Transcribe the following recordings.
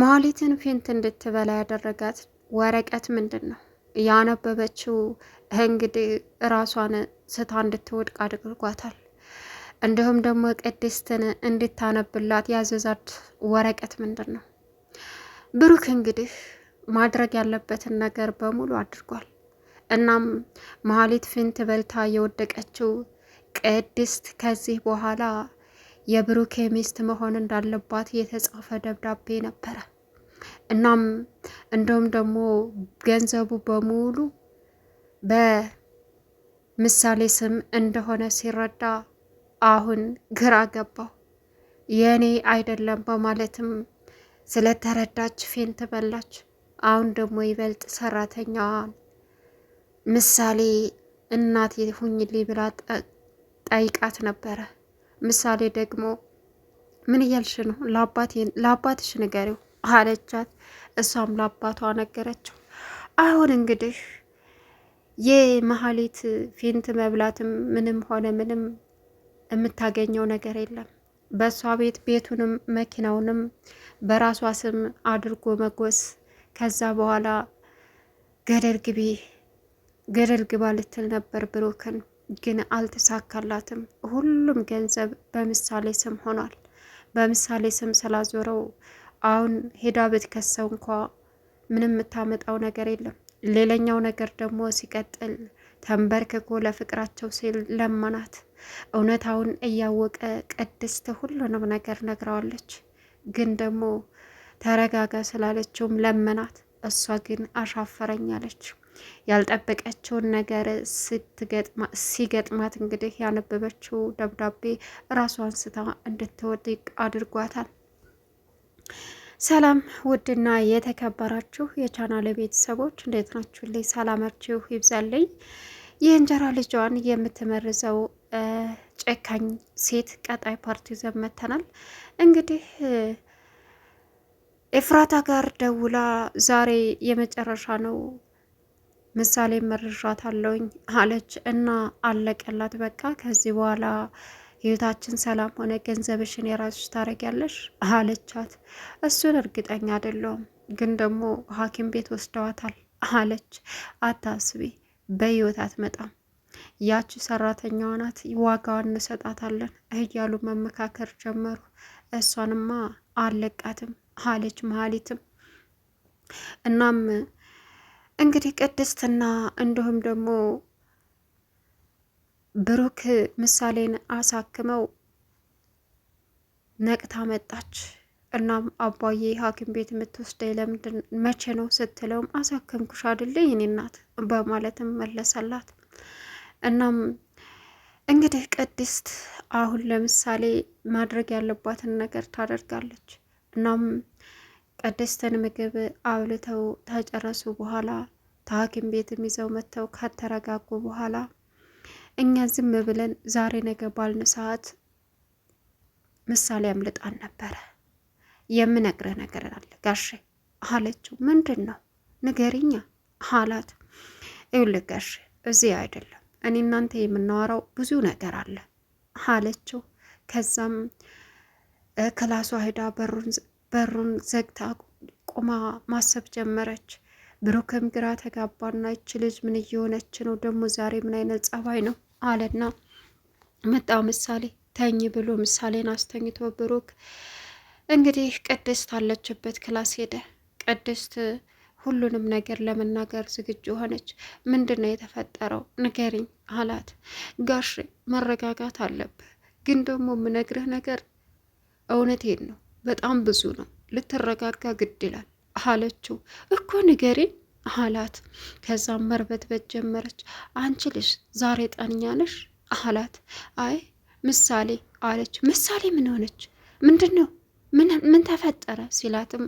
መሀሊትን ፌንት እንድትበላ ያደረጋት ወረቀት ምንድን ነው? ያነበበችው እንግዲህ ራሷን ስታ እንድትወድቅ አድርጓታል። እንዲሁም ደግሞ ቅድስትን እንድታነብላት ያዘዛት ወረቀት ምንድን ነው? ብሩክ እንግዲህ ማድረግ ያለበትን ነገር በሙሉ አድርጓል። እናም መሀሊት ፊንት በልታ የወደቀችው ቅድስት ከዚህ በኋላ የብሩኬ ሚስት መሆን እንዳለባት የተጻፈ ደብዳቤ ነበረ። እናም እንደውም ደግሞ ገንዘቡ በሙሉ በምሳሌ ስም እንደሆነ ሲረዳ አሁን ግራ ገባው። የእኔ አይደለም በማለትም ስለተረዳች ፌንት በላች። አሁን ደግሞ ይበልጥ ሰራተኛዋን ምሳሌ እናቴ ሁኝልኝ ብላ ጠይቃት ነበረ። ምሳሌ ደግሞ ምን እያልሽ ነው? ለአባትሽ ንገሪው አለቻት። እሷም ለአባቷ ነገረችው። አሁን እንግዲህ የመሀሌት ፊንት መብላትም ምንም ሆነ ምንም የምታገኘው ነገር የለም። በእሷ ቤት ቤቱንም መኪናውንም በራሷ ስም አድርጎ መጎስ፣ ከዛ በኋላ ገደል ግቢ ገደል ግባ ልትል ነበር ብሩክን ግን አልተሳካላትም። ሁሉም ገንዘብ በምሳሌ ስም ሆኗል። በምሳሌ ስም ስላዞረው አሁን ሄዳ ብትከሰው እንኳ ምንም የምታመጣው ነገር የለም። ሌላኛው ነገር ደግሞ ሲቀጥል ተንበርክኮ ለፍቅራቸው ሲል ለመናት። እውነታውን እያወቀ ቅድስት ሁሉንም ነገር ነግረዋለች። ግን ደግሞ ተረጋጋ ስላለችውም ለመናት። እሷ ግን አሻፈረኛለች። ያልጠበቀችውን ነገር ሲገጥማት እንግዲህ ያነበበችው ደብዳቤ ራሷ አንስታ እንድትወድቅ አድርጓታል። ሰላም ውድና የተከበራችሁ የቻናል ቤተሰቦች እንዴት ናችሁልኝ? ሰላማችሁ ይብዛልኝ። የእንጀራ ልጇን የምትመርዘው ጨካኝ ሴት ቀጣይ ፓርቲ ዘመተናል። እንግዲህ ኤፍራታ ጋር ደውላ ዛሬ የመጨረሻ ነው ምሳሌ መርሻታለሁኝ አለች እና አለቀላት። በቃ ከዚህ በኋላ ህይወታችን ሰላም ሆነ፣ ገንዘብሽን የራስሽ ታደርጊያለሽ አለቻት። እሱን እርግጠኛ አይደለሁም ግን ደግሞ ሐኪም ቤት ወስደዋታል አለች። አታስቢ፣ በህይወት አትመጣም፣ ያቺ ሰራተኛዋ ናት፣ ዋጋዋን እንሰጣታለን እያሉ መመካከር ጀመሩ። እሷንማ አለቃትም አለች መሀሊትም እናም እንግዲህ ቅድስትና እንዲሁም ደግሞ ብሩክ ምሳሌን አሳክመው ነቅታ መጣች። እናም አባዬ ሐኪም ቤት የምትወስደኝ ለምንድን መቼ ነው ስትለውም አሳከምኩሽ አይደለ የኔ እናት በማለትም መለሰላት። እናም እንግዲህ ቅድስት አሁን ለምሳሌ ማድረግ ያለባትን ነገር ታደርጋለች። እናም ቅድስትን ምግብ አብልተው ተጨረሱ በኋላ ተሐኪም ቤትም ይዘው መጥተው ካተረጋጉ በኋላ እኛ ዝም ብለን ዛሬ ነገ ባልን ሰዓት ምሳሌ አምልጣን ነበረ። የምነግርህ ነገር አለ ጋሼ አለችው። ምንድን ነው ንገሪኛ አላት። ይኸውልህ ጋሼ እዚህ አይደለም እኔ እናንተ የምናወራው ብዙ ነገር አለ አለችው። ከዛም ክላሷ ሄዳ በሩን በሩን ዘግታ ቆማ ማሰብ ጀመረች። ብሩክም ግራ ተጋባና ይች ልጅ ምን እየሆነች ነው ደግሞ ዛሬ ምን አይነት ጸባይ ነው አለና መጣ ምሳሌ ተኝ ብሎ ምሳሌን አስተኝቶ ብሩክ እንግዲህ ቅድስት አለችበት ክላስ ሄደ። ቅድስት ሁሉንም ነገር ለመናገር ዝግጁ ሆነች። ምንድን ነው የተፈጠረው ንገሪኝ አላት። ጋሽ መረጋጋት አለብህ፣ ግን ደግሞ የምነግርህ ነገር እውነቴን ነው በጣም ብዙ ነው፣ ልትረጋጋ ግድ ይላል አለችው። እኮ ንገሪን አላት። ከዛም መርበትበት ጀመረች። አንቺ ልሽ ዛሬ ጠንኛ? ነሽ አላት። አይ ምሳሌ አለች። ምሳሌ ምን ሆነች? ምንድን ነው ምን ተፈጠረ ሲላትም፣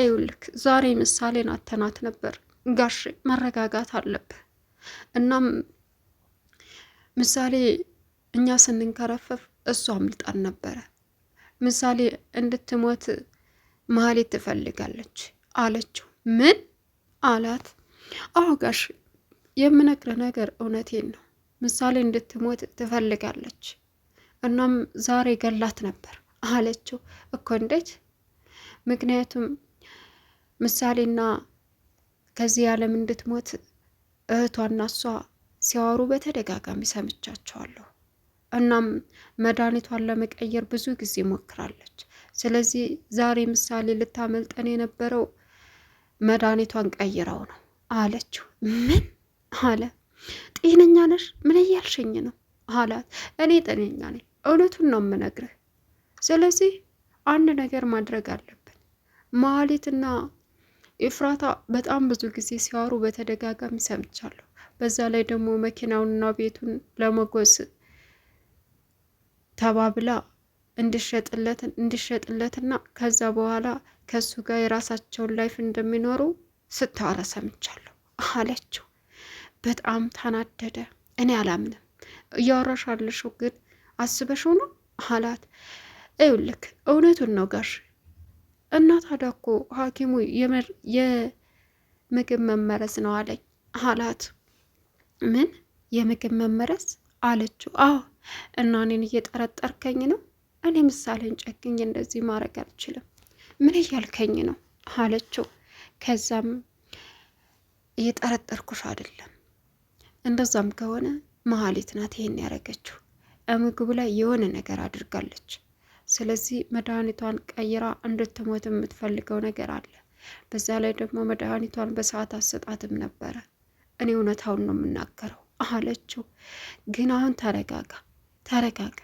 ይኸውልህ ዛሬ ምሳሌን አተናት ነበር ጋሽ መረጋጋት አለብህ። እናም ምሳሌ እኛ ስንንከረፈፍ እሷ አምልጣን ነበረ ምሳሌ እንድትሞት መሀሌት ትፈልጋለች አለችው። ምን አላት? አዎ ጋሽ፣ የምነግረ ነገር እውነቴን ነው። ምሳሌ እንድትሞት ትፈልጋለች። እናም ዛሬ ገላት ነበር አለችው። እኮ እንዴት? ምክንያቱም ምሳሌና ከዚህ ዓለም እንድትሞት እህቷና እሷ ሲያወሩ በተደጋጋሚ ሰምቻቸዋለሁ። እናም መድኃኒቷን ለመቀየር ብዙ ጊዜ ሞክራለች። ስለዚህ ዛሬ ምሳሌ ልታመልጠን የነበረው መድኃኒቷን ቀይረው ነው አለችው። ምን አለ? ጤነኛ ነሽ? ምን እያልሽኝ ነው አላት። እኔ ጤነኛ ነኝ፣ እውነቱን ነው የምነግርህ። ስለዚህ አንድ ነገር ማድረግ አለብን። መሀሌትና ኢፍራታ በጣም ብዙ ጊዜ ሲያወሩ በተደጋጋሚ ሰምቻለሁ። በዛ ላይ ደግሞ መኪናውንና ቤቱን ለመጎዝ ተባብላ እንዲሸጥለትና ከዛ በኋላ ከእሱ ጋር የራሳቸውን ላይፍ እንደሚኖሩ ስታወራ ሰምቻለሁ አለችው። በጣም ተናደደ። እኔ አላምንም እያወራሽ ግን አስበሽው ነው አላት። ይኸውልህ እውነቱን ነው ጋሽ እና ታዲያ እኮ ሐኪሙ የምግብ መመረዝ ነው አለኝ አላት። ምን የምግብ መመረዝ አለችው። አዎ እና እኔን እየጠረጠርከኝ ነው? እኔ ምሳሌን ጨክኝ እንደዚህ ማድረግ አልችልም። ምን እያልከኝ ነው? አለችው። ከዛም እየጠረጠርኩሽ አይደለም፣ እንደዛም ከሆነ መሀሌት ናት ይሄን ያደረገችው። ምግቡ ላይ የሆነ ነገር አድርጋለች። ስለዚህ መድኃኒቷን ቀይራ እንድትሞት የምትፈልገው ነገር አለ። በዛ ላይ ደግሞ መድኃኒቷን በሰዓት አሰጣትም ነበረ። እኔ እውነታውን ነው የምናገረው አለችው። ግን አሁን ተረጋጋ፣ ተረጋጋ፣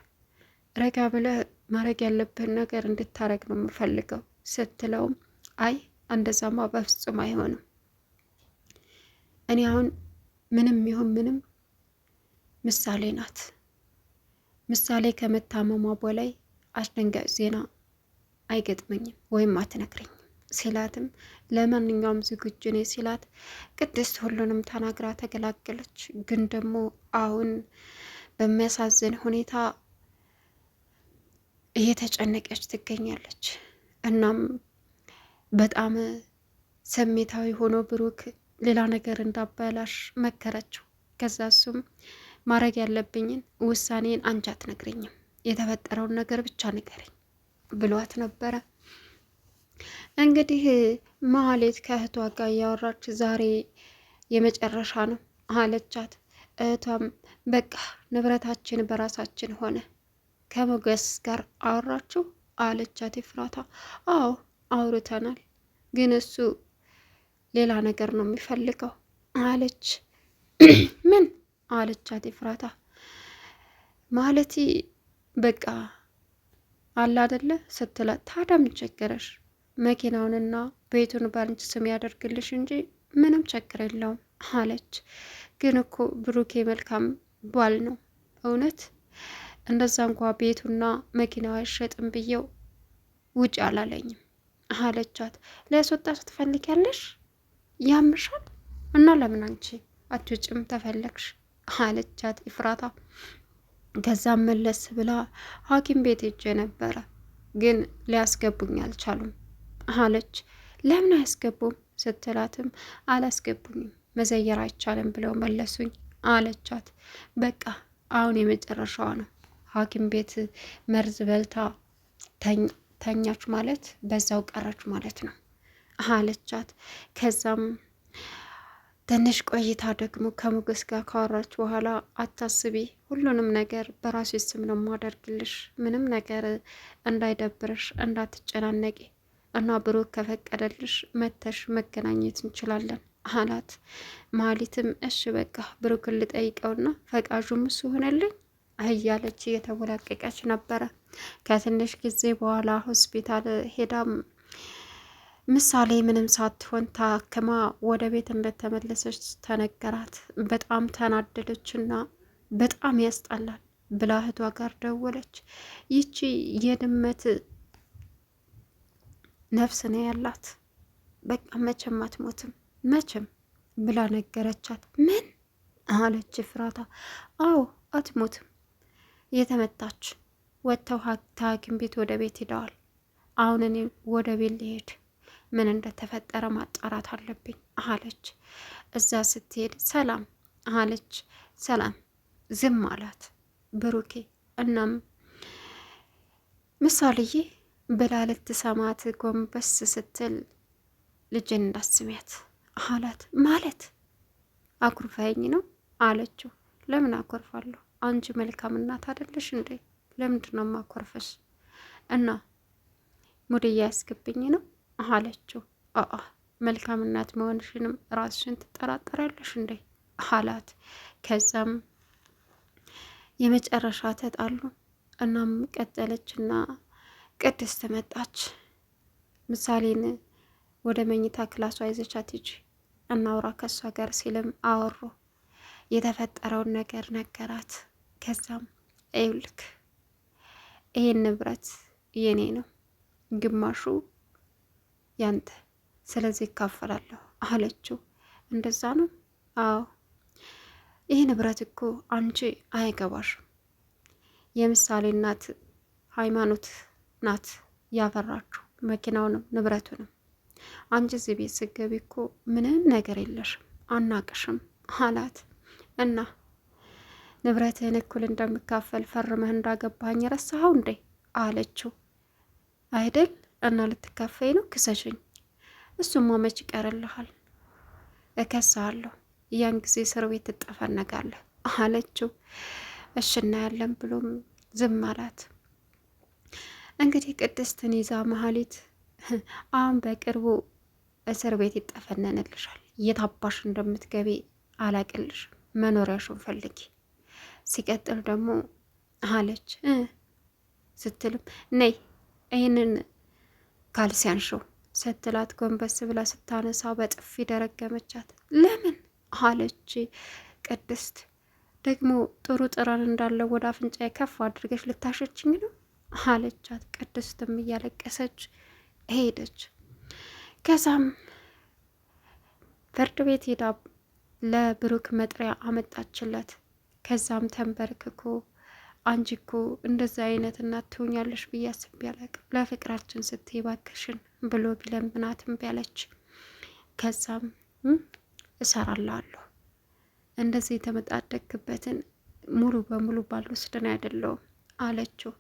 ረጋ ብለህ ማድረግ ያለብን ነገር እንድታረግ ነው የምፈልገው ስትለውም አይ እንደዛማ በፍጹም አይሆንም። እኔ አሁን ምንም ይሁን ምንም ምሳሌ ናት። ምሳሌ ከመታመሟ በላይ አስደንጋጭ ዜና አይገጥመኝም ወይም አትነግረኝም። ሲላትም ለማንኛውም ዝግጁ ነኝ ሲላት ቅድስት ሁሉንም ተናግራ ተገላገለች። ግን ደግሞ አሁን በሚያሳዝን ሁኔታ እየተጨነቀች ትገኛለች። እናም በጣም ስሜታዊ ሆኖ ብሩክ ሌላ ነገር እንዳባላሽ መከረችው። ከዛ እሱም ማድረግ ያለብኝን ውሳኔን አንቺ አትነግረኝም፣ የተፈጠረውን ነገር ብቻ ንገረኝ ብሏት ነበረ። እንግዲህ ማህሌት ከእህቷ ጋር እያወራች ዛሬ የመጨረሻ ነው አለቻት። እህቷም በቃ ንብረታችን በራሳችን ሆነ ከሞገስ ጋር አወራችሁ አለቻት ይፍራታ። አዎ አውርተናል፣ ግን እሱ ሌላ ነገር ነው የሚፈልገው አለች። ምን አለቻት ይፍራታ። ማለቴ በቃ አለ አይደለ ስትላት፣ ታዲያ ምን ቸገረሽ መኪናውንና ቤቱን ባንቺ ስም ያደርግልሽ እንጂ ምንም ችግር የለውም አለች። ግን እኮ ብሩኬ መልካም ባል ነው እውነት። እንደዛ እንኳ ቤቱና መኪናው አይሸጥም ብዬው ውጭ አላለኝም አለቻት። ሊያስወጣሽ ትፈልጊያለሽ? ያምሻል እና ለምን አንቺ አትውጭም ተፈለግሽ? አለቻት ይፍራታ። ከዛም መለስ ብላ ሐኪም ቤት ሄጄ ነበረ ግን ሊያስገቡኝ አልቻሉም አለች። ለምን አያስገቡም ስትላትም አላስገቡኝም መዘየር አይቻልም ብለው መለሱኝ አለቻት። በቃ አሁን የመጨረሻዋ ነው። ሐኪም ቤት መርዝ በልታ ተኛች ማለት በዛው ቀረች ማለት ነው አለቻት። ከዛም ትንሽ ቆይታ ደግሞ ከሞገስ ጋር ካወራች በኋላ አታስቢ፣ ሁሉንም ነገር በራሴ ስም ነው ማደርግልሽ፣ ምንም ነገር እንዳይደብርሽ፣ እንዳትጨናነቂ እና ብሩክ ከፈቀደልሽ መተሽ መገናኘት እንችላለን አላት። ማሊትም እሺ በቃ ብሩክን ልጠይቀውና ፈቃዡም እሱ ሆነልኝ እያለች እየተወላቀቀች ነበረ። ከትንሽ ጊዜ በኋላ ሆስፒታል ሄዳ ምሳሌ ምንም ሳትሆን ታክማ ወደ ቤት እንደተመለሰች ተነገራት። በጣም ተናደደችና በጣም ያስጠላል ብላ እህቷ ጋር ደወለች። ይቺ የድመት ነፍስ ነው ያላት፣ በቃ መቼም አትሞትም መቼም ብላ ነገረቻት። ምን አለች ፍራታ? አዎ አትሞትም። የተመታች ወጥተው ሐኪም ቤት ወደ ቤት ሄደዋል። አሁን እኔ ወደ ቤት ሊሄድ ምን እንደተፈጠረ ማጣራት አለብኝ አለች። እዛ ስትሄድ ሰላም አለች። ሰላም ዝም አላት ብሩኬ። እናም ምሳሌዬ ብላልት ሰማት ጎንበስ ስትል ልጅን እንዳስሚያት አላት። ማለት አኩርፋይኝ ነው አለችው። ለምን አኮርፋለሁ? አንቺ መልካም እናት አደለሽ እንዴ? ለምንድን ነው ማኮርፈሽ? እና ሙድያ ያስገብኝ ነው አለችው። አ መልካም እናት መሆንሽንም ራስሽን ትጠራጠራለሽ እንዴ አላት። ከዛም የመጨረሻ ተጣሉ። እናም ቀጠለችና ቅድስት መጣች። ምሳሌን ወደ መኝታ ክላሷ ይዘቻት ሂጂ እናውራ ከእሷ ጋር ሲልም አወሩ። የተፈጠረውን ነገር ነገራት። ከዛም ይውልክ ይሄን ንብረት የኔ ነው፣ ግማሹ ያንተ፣ ስለዚህ ይካፈላለሁ አለችው። እንደዛ ነው? አዎ። ይሄ ንብረት እኮ አንቺ አይገባሽም። የምሳሌ እናት ሃይማኖት ናት ያፈራችሁ መኪናውንም ንብረቱንም። አንቺ እዚህ ቤት ስገቢ እኮ ምንም ነገር የለሽም አናቅሽም አላት እና ንብረትህን እኩል እንደምካፈል ፈርመህ እንዳገባኝ ረሳኸው እንዴ አለችው። አይደል እና ልትካፈይ ነው ክሰሽኝ። እሱማ መች ይቀርልሃል፣ እከሳለሁ። ያን ጊዜ እስር ቤት ትጠፈነጋለህ አለችው። እሽ እናያለን ብሎም ዝም አላት። እንግዲህ ቅድስትን ይዛ መሀሊት አሁን በቅርቡ እስር ቤት ይጠፈነንልሻል። የታባሽ እንደምትገቢ አላቅልሽ፣ መኖሪያሽን ፈልጊ። ሲቀጥል ደግሞ አለች ስትልም ነይ ይህንን ካልሲ ስትላት ጎንበስ ብላ ስታነሳ በጥፊ ደረገመቻት። ለምን አለች ቅድስት ደግሞ ጥሩ ጥረን እንዳለው ወደ አፍንጫ ከፍ አድርገሽ ልታሸችኝ ነው አለቻት። ቅድስትም እያለቀሰች ሄደች። ከዛም ፍርድ ቤት ሄዳ ለብሩክ መጥሪያ አመጣችለት። ከዛም ተንበርክኮ አንቺ እኮ እንደዛ አይነት እናት ትሆኛለሽ ብዬ አስቤ አላቅም፣ ለፍቅራችን ስትይ እባክሽን ብሎ ቢለምናትም ቢያለች። ከዛም እሰራላለሁ እንደዚህ የተመጣደግክበትን ሙሉ በሙሉ ባልወስድን አይደለውም አለችው።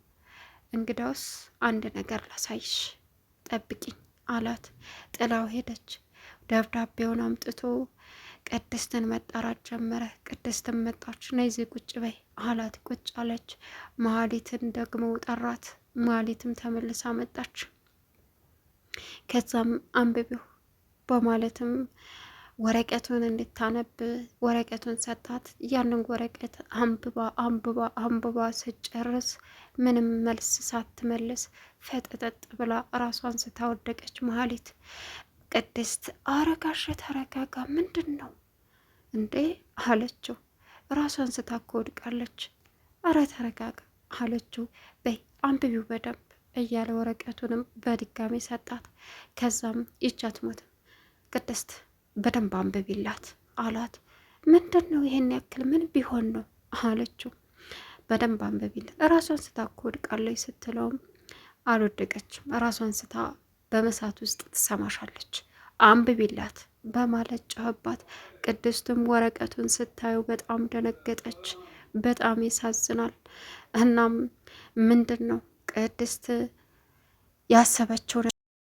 እንግዳውስ አንድ ነገር ላሳይሽ፣ ጠብቂኝ አላት። ጥላው ሄደች። ደብዳቤውን አምጥቶ ቅድስትን መጣራት ጀመረ። ቅድስትን መጣች። ነይ ቁጭ በይ አላት። ቁጭ አለች። መሀሊትን ደግሞ ጠራት። መሀሊትም ተመልሳ መጣች። ከዛም አንብቢው በማለትም ወረቀቱን እንድታነብ ወረቀቱን ሰጣት። ያንን ወረቀት አንብባ አንብባ አንብባ ስጨርስ ምንም መልስ ሳትመልስ ፈጠጠጥ ብላ ራሷን ስታወደቀች መሀሊት ቅድስት አረጋሸ ተረጋጋ፣ ምንድን ነው እንዴ አለችው። ራሷን ስታኮወድቃለች። አረ ተረጋጋ አለችው። በይ አንብቢው በደንብ እያለ ወረቀቱንም በድጋሚ ሰጣት። ከዛም ይቻት ሞት ቅድስት በደንብ አንብቢላት አሏት ምንድን ነው ይሄን ያክል ምን ቢሆን ነው አለችው። በደንብ አንብቢላት ራሷን ስታ እኮ ወድቃለች ስትለውም አልወደቀችም፣ ራሷን ስታ በመሳት ውስጥ ትሰማሻለች፣ አንብቢላት በማለት ጨህባት። ቅድስትም ወረቀቱን ስታየው በጣም ደነገጠች። በጣም ያሳዝናል። እናም ምንድን ነው ቅድስት ያሰበችው